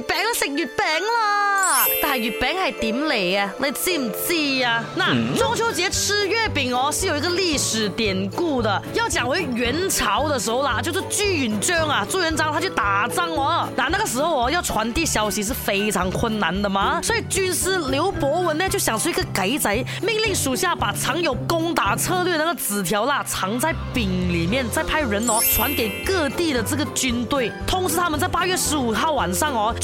餅食月餅啦，但係月餅係點嚟啊？你知唔知啊？嗱、嗯，中秋節吃月餅哦，是有一個歷史典故的，要講回元朝的時候啦，就是朱元璋啊，朱元璋，他去打仗哦，但係那個時候哦，要傳遞消息是非常困難的嘛，所以軍師劉伯文呢就想出一個計仔，命令屬下把藏有攻打策略的那個紙條啦，藏在餅裏面，再派人哦傳給各地的這個軍隊，通知他們在八月十五號晚上哦。